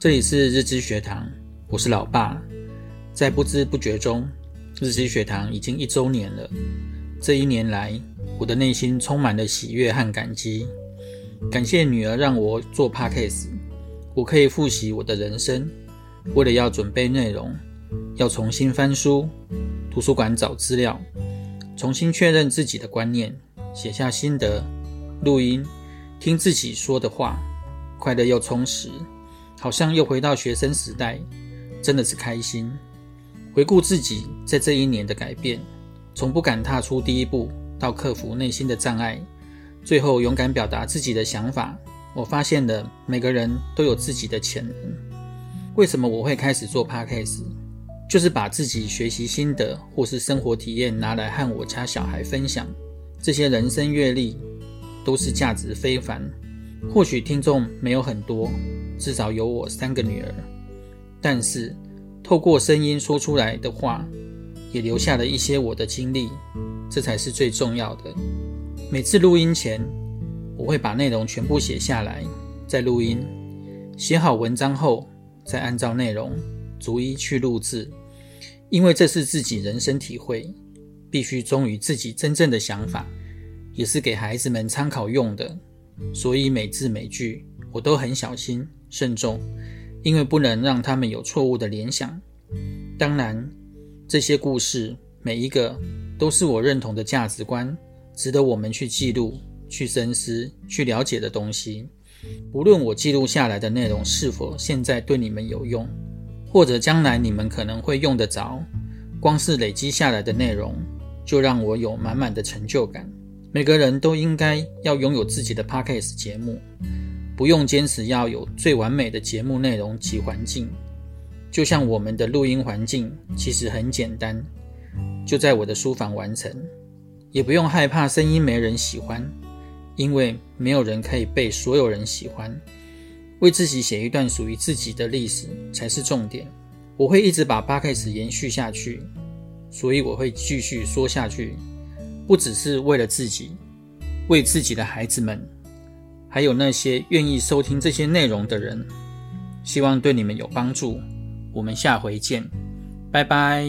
這裡是日之學堂，我是老爸。在不知不覺中，日之學堂已經一週年了。這一年來，我的內心充滿了喜悅和感激。感謝女兒讓我做 podcast，我可以複習我的人生。為了要準備內容，要重新翻書，圖書館找資料，重新確認自己的觀念，寫下心得，錄音，聽自己說的話，快樂又充實。好像又回到學生時代，真的是開心。回顧自己在這一年的改變，從不敢踏出第一步，到克服內心的障礙，最後勇敢表達自己的想法。我發現了每個人都有自己的潛能。為什麼我會開始做 podcast？就是把自己學習心得或是生活體驗拿來和我家小孩分享。這些人生閱歷都是價值非凡。或許聽眾沒有很多。至少有我三個女兒，但是透過聲音說出來的話，也留下了一些我的經歷，這才是最重要的。每次錄音前，我會把內容全部寫下來，再錄音。寫好文章後，再按照內容逐一去錄製，因為這是自己人生體會，必須忠於自己真正的想法，也是給孩子們參考用的，所以每字每句。我都很小心慎重，因為不能讓他們有錯誤的聯想。當然，這些故事每一個都是我認同的價值觀，值得我們去記錄、去深思、去了解的東西。不論我記錄下來的內容是否現在對你們有用，或者將來你們可能會用得着，光是累積下來的內容就讓我有滿滿的成就感。每個人都應該要擁有自己的 Podcast 節目。不用堅持要有最完美的節目內容及環境，就像我們的錄音環境其實很簡單，就在我的書房完成。也不用害怕聲音沒人喜歡，因為沒有人可以被所有人喜歡。為自己寫一段屬於自己的歷史才是重點。我會一直把 Podcast 延續下去，所以我會繼續說下去，不只是為了自己，為自己的孩子們。還有那些願意收聽這些內容的人，希望對你們有幫助。我們下回見，拜拜。